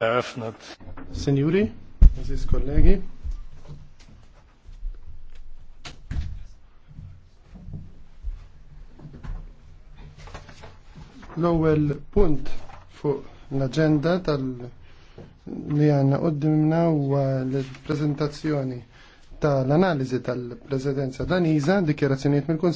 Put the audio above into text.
eröffnet. Signori, Aziz kollegi, l-ewwel punt fuq l agenda tal li għanna qoddimna huwa l-prezentazzjoni tal-analiżi tal-Presidenza Danisa, dikjerazzjoniet mill-Kunsill.